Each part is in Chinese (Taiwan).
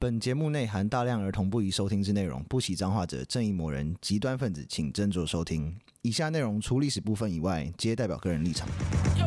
本節目內含大量兒童不宜收聽之內容，不喜髒話者、正義魔人、極端分子，請斟酌收聽。以下內容除歷史部分以外，皆代表個人立場。A,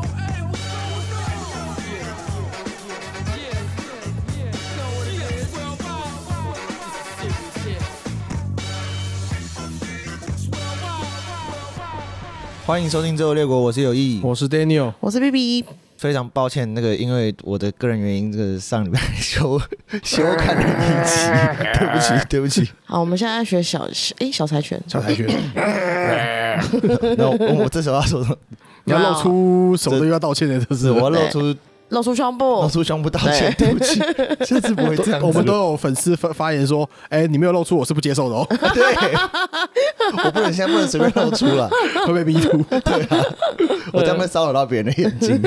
歡迎收聽《週郵列國》，我是有意，我是 Daniel，我是 BB。非常抱歉，那個因為我的個人原因，這個上禮拜休休看了一集，欸對，不欸、對不起，對不起。好，我們現在要學小，誒、欸，小柴犬，小柴犬。那、欸欸欸欸欸 no，哦、我這時候要說什麼，你要露出手都要道歉、就是、的，不是。我要露出。露出胸部，露出胸部道歉。對，對不起，下次不會這樣。我們都有粉絲發發言說，哎、欸，你沒有露出，我是不接受的哦。 對，我不能現在不能隨便露出了， 會被迷途。對啊，我這樣會騷擾到別人的眼睛。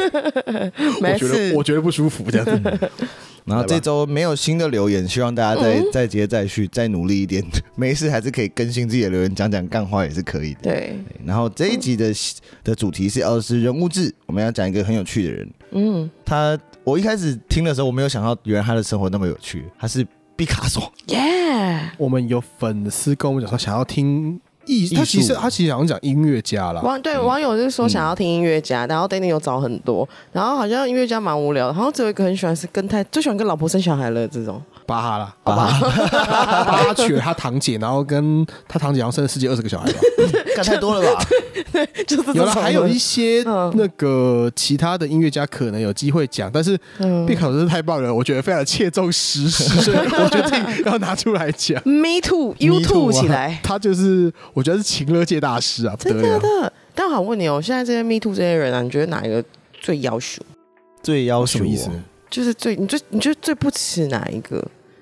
沒事，我覺得，我覺得不舒服這樣子。 然後這週沒有新的留言，希望大家再、嗯、再接再續，再努力一點。沒事，還是可以更新自己的留言，講講幹話也是可以的。對。對，然後這一集的、嗯、的主題是要是人物志，我們要講一個很有趣的人。嗯。他，我一開始聽的時候，我沒有想到原來他的生活那麼有趣，他是畢卡索。耶、yeah！我們有粉絲跟我們講說，想要聽。啊、他其實他其實好像講音樂家啦，網對網友就是說想要聽音樂家，嗯、然後 Danny 有找很多，然後好像音樂家蠻無聊的，好像只有一個很喜歡是跟太，最喜歡跟老婆生小孩了這種。巴哈了，巴哈，好吧巴哈，巴哈，巴哈娶了他堂姐，然後跟他堂姐然後他堂姐好像生了十幾二十個小孩吧，對、 嗯，幹太多了吧？ 就是、有了。還有一些、嗯、那個其他的音樂家可能有機會講，但是畢卡索、嗯、是太棒了，我覺得非常切中時事，所以 我決定要拿出來講。Me too，You too，too，too，起來，他就是我覺得是情樂界大師啊，真的的。但我好問你哦，現在這些 Me too 這些人啊，你覺得哪一個最要求？最要求什麼意思？就是最你最你覺得最不齒哪一個？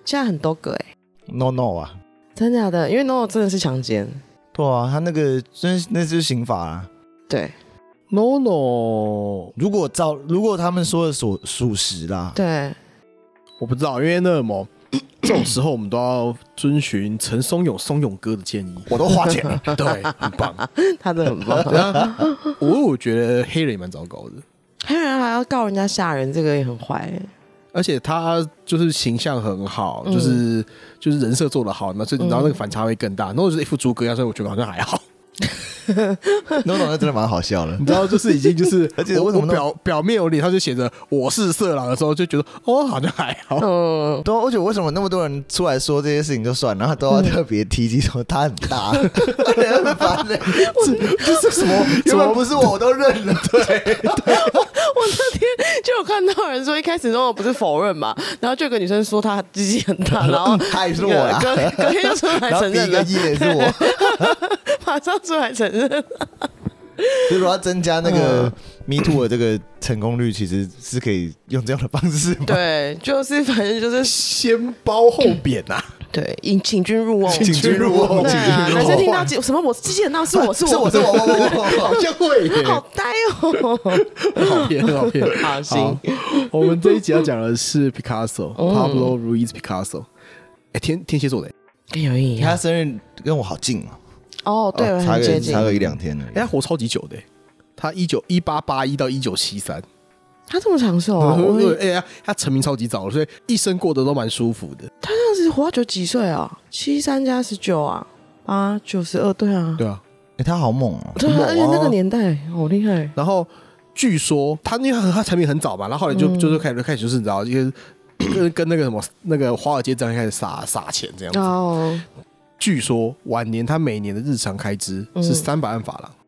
現在很多個哎、欸、，no no 啊，真的假的？因為 no no 真的是強奸，對啊，他那個真那,那是刑法啊。對，no no，如果照如果他們說的屬屬實啦、啊，對，我不知道，因為那什麼，這種時候我們都要遵循陳松勇松勇哥的建議，我都花錢，了， 對，很棒，他真的很棒， 我,我覺得黑人也蠻糟糕的。還有人還要告人家嚇人，這個也很壞、欸。而且他就是形象很好，嗯、就是就是人設做的好，那所以然後那個反差會更大。那、嗯、我是一副豬哥樣，所以我覺得好像還好。 no, no, 那我覺得真的蠻好笑的。 你知道，就是已經就是， 而且為什麼我表 我表面有臉，他就寫着我是色狼的時候，就覺得哦好像還好。呃、都，而且為什麼那麼多人出來說這些事情就算，然後都要特別提及說他、嗯、很大， 很煩、欸、 這,什 這是什麼？原本不是我， 我都認了。對。 對很 多人說一開始時候不是否認嘛，然後就有個女生說她自己很大，然後他、嗯、 也是我了，然後一個葉落，馬上出來承認。就是說要增加那個 Me Too 的這個成功率、嗯，其實是可以用這樣的方式。對，就是反正就是先褒後貶吶、啊。嗯對，引請君入瓮，請君入瓮。對，男生聽到什麼，我機器人那是我是我，是我是我,、啊是我,是我,我,我 好，好像會、喔、 好呆哦，很好騙，好騙，好心好。我們這一集要講的是 Picasso，Pablo、oh. Ruiz Picasso。哎、欸，天天蠍座的，哎呀，他生日跟我好近哦、啊。哦、oh,，對、啊，很接近，差個,差個一兩天呢。哎、欸，他活超級久的，他一九一八八一到一九七三。他這麼長壽、啊，哎、嗯、呀、欸，他成名超級早，所以一生過得都蠻舒服的。他當時活到九幾歲、哦、啊？七三加十九啊？啊，九十二，對啊，對啊。哎、欸，他好猛哦！對、嗯、啊，而且、欸、那個年代好厲害。然後據說他因為他成名很早嘛。然後後來就、嗯、就是開始開始就是你知道，跟跟那個什麼那個華爾街這樣開始撒撒錢這樣子。哦。據說晚年他每年的日常開支是三百萬法郎。嗯、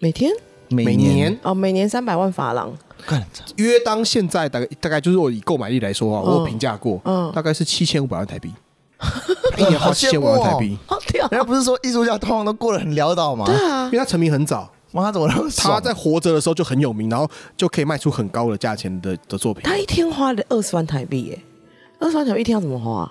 每天每？每年？哦，每年三百萬法郎。約當現在大概大概就是我以購買力來說啊，嗯、我有評價過，嗯，大概是七千五百萬台幣，一年花七千五百萬台幣、啊，人家不是說藝術家通常都過得很潦倒嗎？對啊，因為他成名很早，媽，他怎麼,麼他在活着的時候就很有名，然後就可以賣出很高的價錢的的作品。他一天花了二十萬台幣耶、欸，二十萬台幣、欸、一天要怎麼花？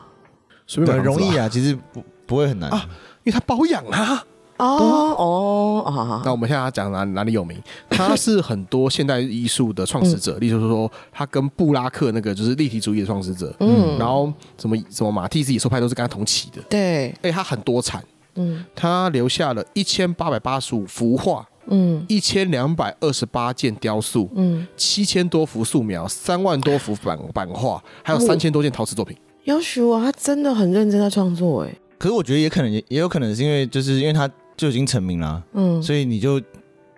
所以很容易啊，啊其實不不會很難、啊、因為他包養啊。哦哦哦，那我們現在講哪哪裡有名？他是很多現代藝術的創始者， 例如說他跟布拉克那個就是立體主義的創始者，嗯，然後什麼什麼馬蒂斯野獸派都是跟他同期的，對，而且他很多產，嗯，他留下了一千八百八十五幅畫，嗯，一千兩百二十八件雕塑，嗯，七千多幅素描，三萬多幅版版畫，還有三千多件陶瓷作品。要許我，他真的很認真在創作、欸，哎，可是我覺得也可能也有可能是因為就是因為他。就已經成名了，嗯，所以你就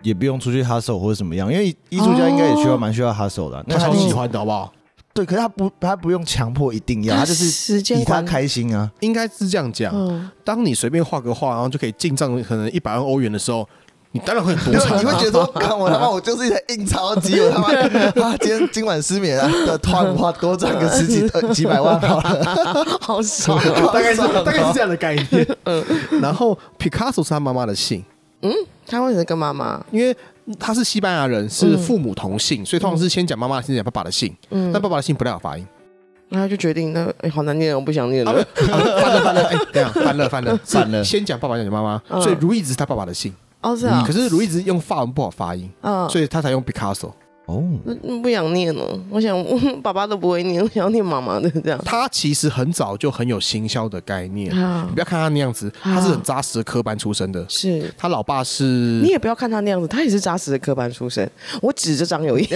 也不用出去 hustle 或者什麼樣因為藝術家應該也需要蠻、哦、需要 hustle 的，他超喜歡的好不好，嗯？對，可是他不，他不用強迫一定要，他就是以他開心啊，應該是這樣講、嗯。當你隨便畫個畫，然後就可以進賬可能一百萬歐元的時候。你當然會多賺， 你會覺得看我他媽，我就是一台印鈔機，我他媽啊，今天今晚失眠啊，的團話多賺個十幾幾百萬好了 好了，好爽，大概是大概是這樣的概念，嗯，然後 Picasso 是他媽媽的姓，嗯，他為什麼跟媽媽？因為他是西班牙人，是父母同姓、嗯，所以通常是先講媽媽，先講爸爸的姓，嗯，但爸爸的姓不太好發音，那、嗯、他就決定那哎、欸，好難念，我不想念了，反了反了，哎，這樣反了反了，反、欸、了，了，了，先講爸爸，再講媽媽，所以 Ruiz 只是他爸爸的姓。嗯。哦，是啊，嗯、可是如易直用法文不好發音，嗯、啊，所以他才用 Picasso。哦，不想念了，我想爸爸都不會念，我想念媽媽就這樣。他其實很早就很有行銷的概念、啊，你不要看他那樣子，啊、他是很扎實的科班出身的。是他老爸是，你也不要看他那樣子，他也是扎實的科班出身。我指着張友義，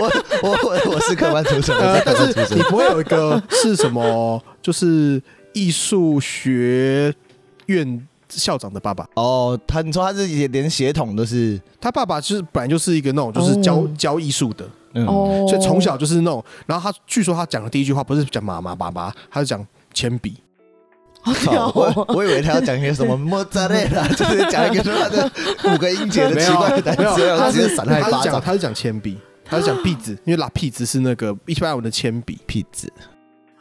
我我我我是科班出身，我是科班出身。 我出身 可是你不會有一個是什麼？就是藝術學院。校長的爸爸哦，oh, 他你說他自己連血統都是，他爸爸就是本來就是一個那種就是教、oh. 教藝術的，哦、嗯，所以從小就是那種，然後他據說他講的第一句話不是講媽媽爸爸，他是講鉛筆。我我我以為他要講些什麼莫扎雷啦，就是講一個說他的五個音節的奇怪的單詞，直 沒，沒有，他是講他是講鉛筆，他是講壁紙，因為拉壁子是那個一般用的鉛筆壁子。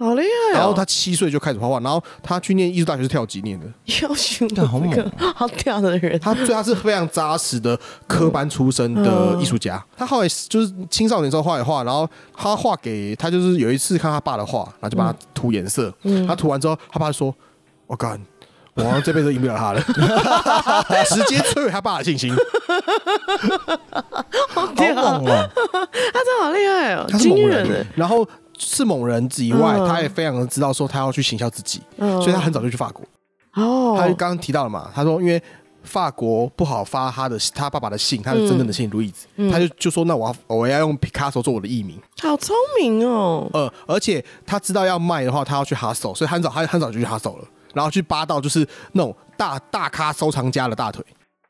好厲害、哦！然後他七歲就開始畫畫，然後他去念藝術大學是跳級念的，優秀、這個喔，好猛，好屌的人。他對，他是非常扎實的科班出身的藝術家、嗯嗯。他後來就是青少年時候畫的畫，然後他畫給他就是有一次看他爸的畫，然後就幫他塗顏色。嗯、他塗完之後，他爸就說：“我、嗯、幹，oh、God, 我這輩子贏不了他了。 ” 直接摧毀他爸的信心，好屌啊、哦！喔、 他真的好厲害哦，他是猛人，的人、欸。然後。是某人之以外、嗯，他也非常的知道說他要去行銷自己、嗯，所以他很早就去法國。哦，他就剛剛提到了嘛，他說因為法國不好發他的他爸爸的姓，他的真正的姓路易斯，他就就說，那我要我要用 Picasso 做我的藝名，好聰明哦。呃，而且他知道要賣的話，他要去哈手，所以他很早他很早就去哈手了，然後去扒到就是那種大大咖收藏家的大腿。好厲害啊！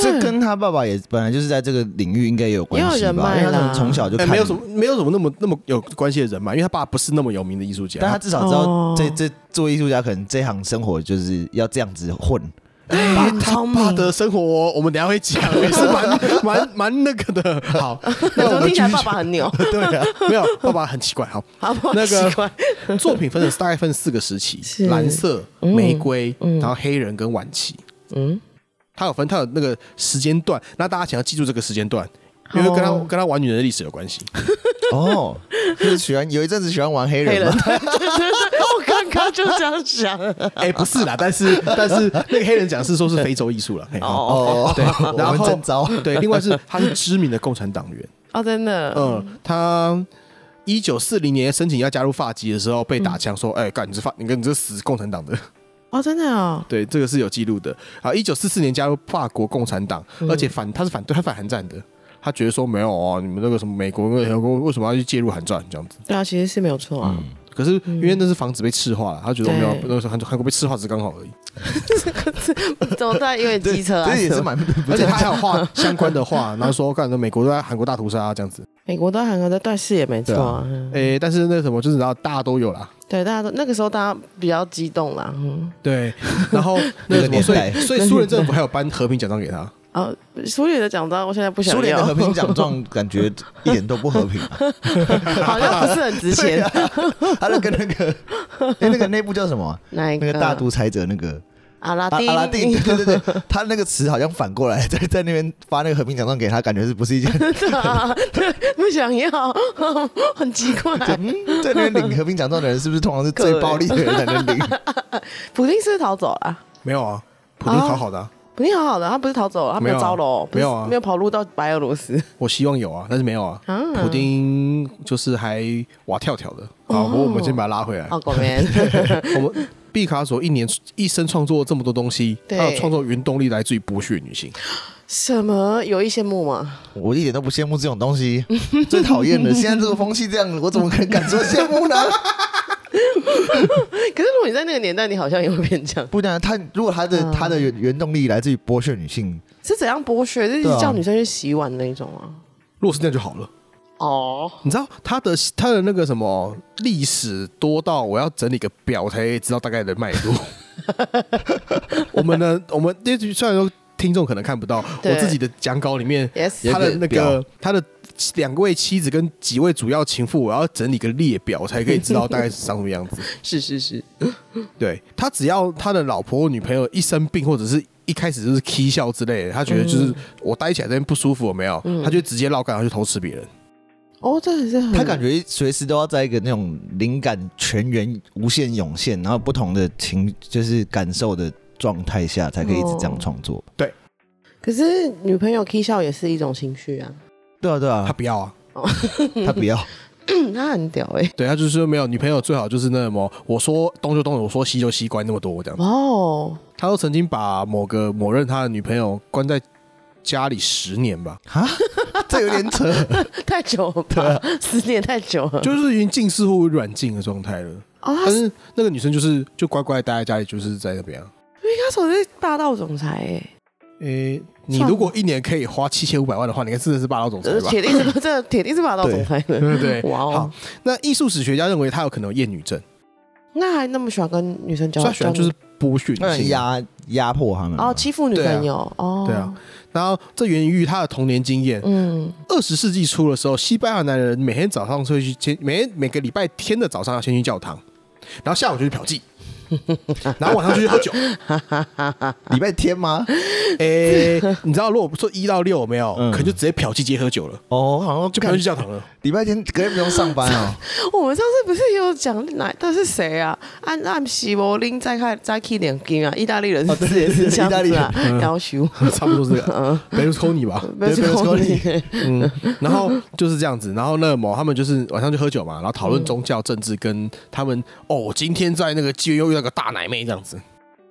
這跟他爸爸也本來就是在這個領域應該也有關係吧人？因為他從小就、欸、沒有什麼沒有什麼那麼那麼有關係的人嘛。因為他爸不是那麼有名的藝術家，但他至少知道這、哦、這做藝術家可能這行生活就是要這樣子混。爸、欸、爸的生活我們等下會講、欸、是蠻蠻蠻那個的。 好，那我聽起來爸爸很牛？對啊，沒有爸爸很奇怪。好， 那個作品分成大概分四個時期：藍色、嗯、玫瑰、嗯，然後黑人跟晚期。嗯。他有分，他有那個時間段，那大家想要記住這個時間段，因為跟他、oh. 跟他玩女人的歷史有關係。哦，就是喜歡有一陣子喜歡玩黑人，黑人，對對對， 我剛剛就這樣想。哎、 欸，不是啦，但是但是那個黑人講是說是非洲藝術啦。哦， 嗯 oh, okay. 對， 然後 對，另外是他是知名的共產黨員。哦、oh，真的。嗯，他一九四零年申請要加入法籍的時候被打槍說：“哎、嗯，幹你這法，你跟你這死共產黨的。”啊、哦，真的啊！對，這個是有記錄的啊。一九四四年加入法國共產黨、嗯，而且反他是反對他反韓戰的，他覺得說沒有哦、啊，你們那個什麼美國、欸、為什麼要去介入韓戰這樣子？對啊，其實是沒有錯啊、嗯。可是因為那是防止被赤化了，他覺得我們要那時候韓國被赤化只是剛好而已。 因為是這個這，總算有點機車啊。也是 而且他還有畫相關的畫， 然後說，看美國都在韓國大屠殺、啊、這樣子。美、欸、國都國的斷食，視也沒錯、啊啊欸。但是那什麼，就是然後大家都有啦。對，大家都那個時候大家比較激動啦。對，然後那個年代， 年代所以蘇聯政府還有頒和平獎章給他。啊、 哦，蘇聯的獎章我現在不想要。蘇聯的和平獎章感覺一點都不和平、啊， 好像不是很值錢。 啊、他那跟那個欸那個啊、個，那個內部叫什麼？哪一個？大獨裁者那個。阿拉丁、啊，阿拉丁，對對對，他那個詞好像反過來， 在在那邊發那個和平獎狀給他，感覺是不是一件事？不想要，很奇怪。在那邊領和平獎狀的人，是不是通常是最暴力的人才能領？ 普丁是不是逃走了、啊？沒有啊，普丁好好的、啊。啊普丁好好的，他不是逃走了，他沒有招了、啊，沒有啊，沒有跑路到白俄羅斯。我希望有啊，但是沒有啊。啊啊普丁就是還活跳跳的好、哦啊，不過我們先把他拉回來。好、哦， 我們畢卡索一年一生創作這麼多東西，他有創作原動力來自於剝削女性？什麼？有一些羨慕嗎？我一點都不羨慕這種東西， 最討厭的。現在這個風氣這樣，我怎麼可能敢說羨慕呢、啊？ 可是，如果你在那個年代，你好像也會變強。不然，他，如果他的他的原原動力來自於剝削女性，是怎樣剝削？就是叫女生去洗碗那一種啊，啊。若是這樣就好了。哦、oh.，你知道他的他的那個什麼歷史多到我要整理個表，才知道大概的脈絡。 我們呢，我們這雖然說聽眾可能看不到我自己的講稿裡面，yes. 他的那個、yes. 他的、那個。兩位妻子跟幾位主要情婦，我要整理個列表，我才可以知道大概是長什麼樣子 是是是對，對他只要他的老婆或女朋友一生病或者是一開始就是 k 笑之類的，他覺得就是我待起來那邊不舒服，沒有，嗯、他就直接繞開，然後去偷吃別人。哦，這還是很……他感覺隨時都要在一個那種靈感泉源無限湧現，然後不同的情就是感受的狀態下才可以一直這樣創作。哦、對，可是女朋友 k 笑也是一種情緒啊。對啊對啊，他不要啊、哦， 他不要、嗯，他很屌哎、欸。對，他就是說沒有女朋友，最好就是那什麼我說東就東，我說西就西。關那麼多這樣。哇哦，他都曾經把某個某任他的女朋友關在家裡十年吧？啊，這有點扯， 太久了，啊、十年太久了，就是已經近似乎、乎軟禁的狀態了、哦、是，但是那個女生就是就乖乖待在家裡，就是在那邊啊。因為他是霸道總裁哎、欸。誒、欸，你如果一年可以花七千五百萬的話，你看真的是霸道總裁吧？鐵定，這鐵定是霸道總裁， 對不對，對，對？哇、wow。哦！那藝術史學家認為他有可能有厭女症，那還那麼喜歡跟女生交，最喜歡就是剝削、壓、嗯、壓迫他們、嗯，哦，欺負女朋友、啊，哦，對啊。然後這源於他的童年經驗。嗯，二十世紀初的時候，西班牙男人每天早上出去，每天每個禮拜天的早上要先去教堂，然後下午就去嫖妓。然後晚上就去喝酒，禮 拜天嗎？哎、欸，你知道，如果說一到六沒有、嗯，可能就直接嫖妓、接喝酒了。哦，好像就開始去教堂了。禮 拜天可以不用上班啊。 我們上次不是有講，那但是誰啊？按按西羅林在看 Zaki 兩斤啊，意大利人是、哦、這是也是意、啊、大利要求，嗯、 差不多、這個嗯，比如貝魯斯柯尼吧，比如貝魯斯柯尼嗯， 然後就是這樣子，然後那麼他們就是晚上就喝酒嘛，然後討論宗教、政治，跟他們、嗯、哦，今天在那個妓院又遇到。個大奶妹這樣子、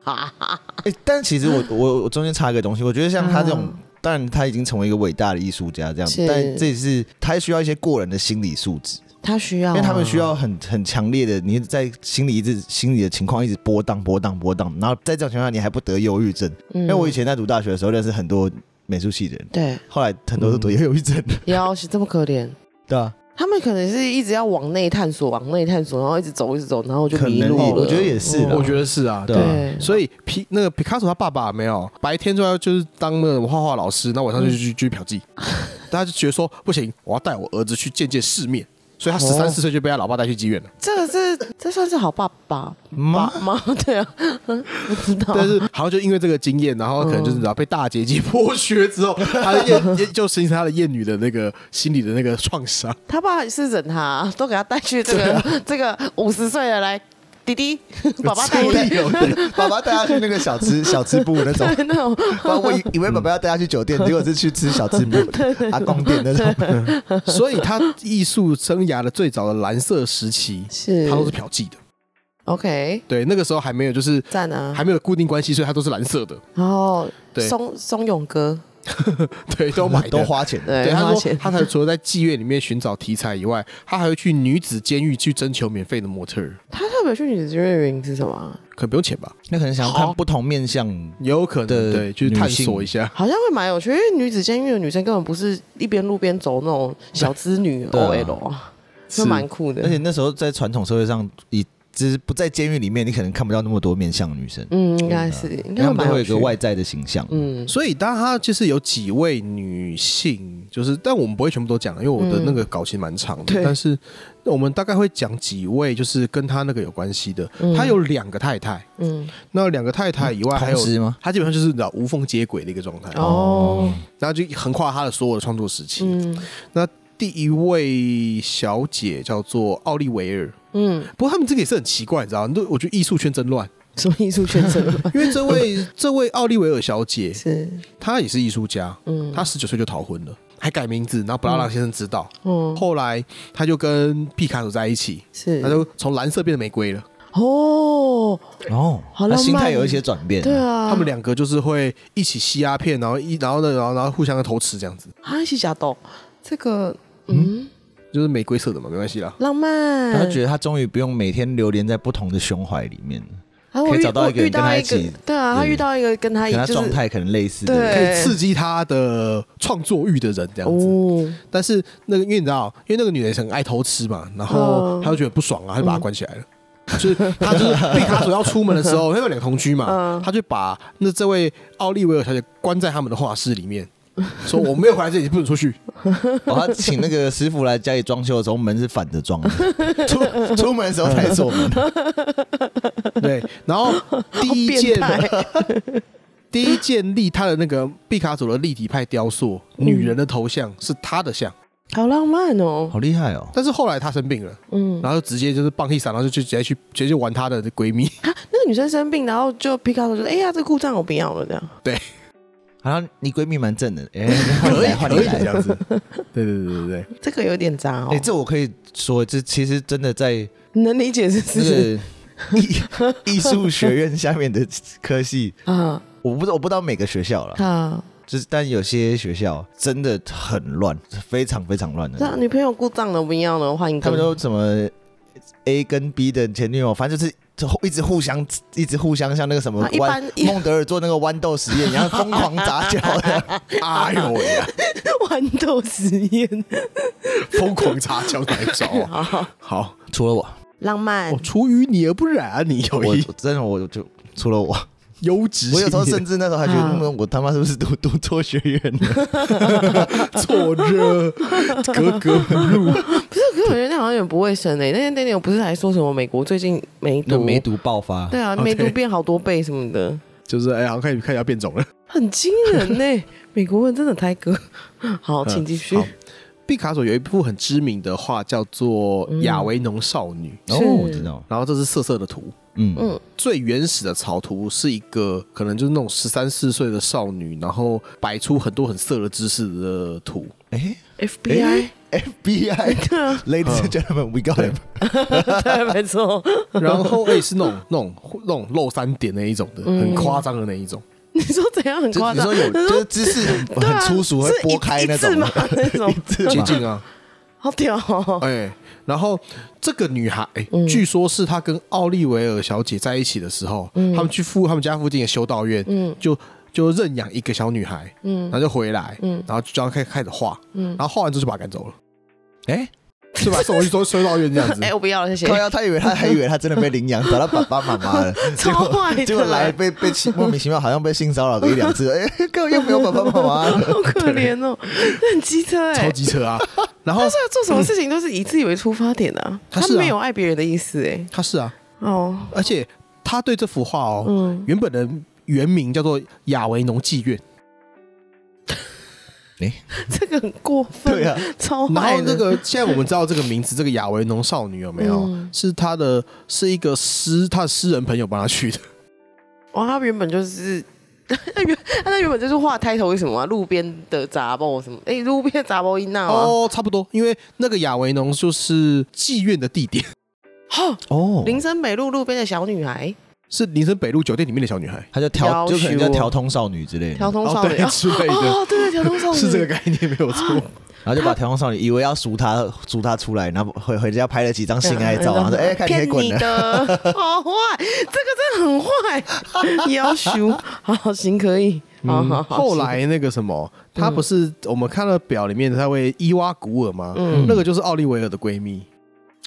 欸，哈但其實我我我中間插一個東西，我覺得像他這種， 嗯、當然他已經成為一個偉大的藝術家這樣子，但這也是他需要一些過人的心理素質，他需要、啊，因為他們需要很很強烈的，你在心裡一,一直心裡的情況一直波動、波動、波動，然後在這種情況下你還不得憂鬱症、嗯？因為我以前在讀大學的時候認識很多美術系的人，對，後來很多都得憂鬱症的，喲、嗯， 是這麼可憐 對啊。他們可能是一直要往內探索，往內探索，然後一直走，一直走，然後就迷路了可能。我覺得也是、哦，我覺得是啊。對，對，所以皮那個皮卡索他爸爸沒有白天就要就是當那種畫畫老師，那晚上就去、嗯、去，去嫖妓。但他就覺得說不行，我要帶我兒子去見見世面。所以他十三四歲就被他老爸帶去妓院了，這這這算是好爸爸，媽媽對啊，不知道，但是好像就因為這個經驗，然後可能就是老被大姐姐剝削之後，嗯、他的厭， 就形成他的厭女的那個心理的那個創傷。他爸是忍他、啊，都給他帶去這個、啊、這個五十歲的來。弟弟，爸爸帶他去那個小吃小吃部那種，那種。我以以為爸爸要帶他去酒店，結果是去吃小吃部阿公店那種。所以他藝術生涯的最早的藍色時期，是，他都是嫖妓的。OK，對，那個時候還沒有就是還沒有固定關係，所以他都是藍色的。 okay、哦。對，鬆鬆永哥。 對，都買 都，都花錢。對，他說，他才除了在妓院裡面尋找題材以外，他還會去女子監獄去徵求免費的模特。他特別去女子監獄的原因是什麼？可不用錢吧？那可能想要看不同面相，有可能對，就是探索一下。好像會蠻有趣，因為女子監獄的女生根本不是一邊路邊走那種小資女，對 OL，對，是蠻酷的。而且那時候在傳統社會上，以只是不在監獄裡面，你可能看不到那麼多面相的女生。嗯，應該是，應該不會有個外在的形象。嗯，所以當然他就是有幾位女性，就是但我們不會全部都講，因為我的那個稿情蠻長的，嗯。但是我們大概會講幾位，就是跟她那個有關係的。她、嗯、有兩個太太。嗯，那兩個太太以外還有嗎？他基本上就是無縫接軌的一個狀態哦。然後就橫跨她的所有的創作時期。嗯，那第一位小姐叫做奧利維爾。嗯，不過他們這個也是很奇怪，你知道你都我覺得藝術圈真亂。什麼藝術圈真亂？ 因為這位 這位奧利維爾小姐是，她也是藝術家，嗯，她十九歲就逃婚了，還改名字，然後不要讓先生知道嗯，嗯，後來她就跟畢卡索在一起，是，她就從藍色變成玫瑰了，哦哦，好浪漫，心態有一些轉變，對啊，他們兩個就是會一起吸鴉片，然後一然後呢，然後然後,然後互相的偷吃這樣子。啊，是假的，這個嗯。嗯就是玫瑰色的嘛，沒關係啦，浪漫。他覺得他終於不用每天流連在不同的胸懷裡面、啊，可以找到一個人跟他一起。對啊，他遇到一個跟他跟他狀態可能類似的，可以刺激他的創作欲的人這樣子。哦、但是那個因為你知道，因為那個女人很愛偷吃嘛，然後他就覺得不爽啊，嗯、他就把她關起來了。就、嗯、是，所以他就是畢卡索要出門的時候，嗯、他就有兩個同居嘛、嗯，他就把那這位奧利維爾小姐關在他們的畫室裡面。 說我沒有回來，這裡不准出去。然 後、哦、他請那個師傅來家裡裝修的時候，門是反着裝的，出出門的時候才鎖門。 對，然後第一件， 第一件立他的那個畢卡索的立體派雕塑，嗯、女人的頭像是她的像，好浪漫哦，好厲害哦。但是後來她生病了，嗯，然後就直接就是棒一撒，然後就直接去直接就玩她的閨蜜。啊，那個女生生病，然後就畢卡索說：“哎、欸、呀、啊，這故障我不要了。”這樣對。好像你閨蜜蠻正的，哎、欸，換你來，換， 你來這樣子，對對對對對，這個有點渣哦。哎、欸，這我可以說，這其實真的在能理解是、這個，是是藝藝術學院下面的科系啊，我 不我不知道不每個學校了啊， 就是但有些學校真的很亂，非常非常亂的。是女、啊、朋友故障的不要了，歡迎。他們都什麼 A 跟 B 的前女友，反正就是。一直互相，一直互相像那個什麼，豌孟德爾做那個豌豆實驗，一樣，瘋狂雜交的， 哎呦喂、哎，豌豆實驗，瘋 狂雜交的，找好，好，好，除了我，浪漫，我、哦、出淤泥而不染，啊。你有一，真的，我就除了我。優質。我有時候甚至那時候還覺得、啊，我他媽是不是讀讀錯學院了 坐這兒？錯熱，格格不入。不是，可是我覺得那好像有點不衛生誒、欸。那天 Daniel 不是還說什麼美國最近梅毒？爆發。對啊，梅毒變好多倍什麼的。OK、就是哎呀，我看看一下變種了。很驚人呢、欸。 美國人真的太格。好，請繼續。畢、嗯、卡索有一部很知名的畫叫做《亞維農少女》，哦、嗯，oh, 我知道。然後這是色色的圖。嗯，最原始的草圖是一個可能就是那種十三四歲的少女，然後擺出很多很色的姿勢的圖。哎、欸、FBI，FBI，ladies、欸、 and gentlemen，we got it 對。 對，沒錯。 然後，哎、欸，是那種那種，那種露三點那一種的，嗯、很誇張的那一種。你說怎樣很誇張？你說有就是姿勢很、, 啊、很粗俗，會撥開那種，那種情景啊。好屌哦！哎，然後這個女孩，欸嗯、據說是她跟奧利維爾小姐在一起的時候，他、嗯、們去附他們家附近的修道院，嗯就，就就認養一個小女孩，嗯，然後就回來，嗯然，然後就開開始畫，嗯，然後畫完之後就把她趕走了，哎、嗯欸。是吧？所以說衰老院這樣子。哎、 欸，我不要了，謝謝。他以為他還以為他真的被領養，找到爸爸媽媽了。 超壞的、欸、結果結果來被被莫名其妙，好像被性騷擾的一兩次。哎、欸，又沒有爸爸媽媽， 好可憐哦、喔。很機車哎、欸，超機車啊。然後但是他做什麼事情都是以自己為出發點啊。嗯、他是、啊、他沒有愛別人的意思哎、欸。他是啊。哦。而且他對這幅畫哦，嗯，原本的原名叫做《雅維農妓院》。欸、這個很過分，對啊，超。然後那個，現在我們知道這個名字，這個亞維農少女有沒有？嗯、是她的，是一個詩，她的詩人朋友幫她取的。哇，她原本就是，他原他那原本就是畫抬頭，是什麼啊？路邊的雜報什麼？哎、欸，路邊雜報一啊？哦，差不多，因為那個亞維農就是妓院的地點。哈，哦，林森北路路邊的小女孩。是林森北路酒店裡面的小女孩，她叫調，就可能叫條通少女之類的。條通少女，哦，對對，條通少女是這個概念、啊、沒有錯、啊啊。然後就把條通少女以為要贖她，贖她出來，然後回回家拍了幾張性愛照，啊、然後說：“哎、欸，看這些滾的，好壞，這個真的很壞。”要求，好行，可以。嗯、好，好，好，後來那個什麼，她不是我們看了表裡面，她會伊娃古爾嗎？嗯，那個就是奧利維爾的閨蜜。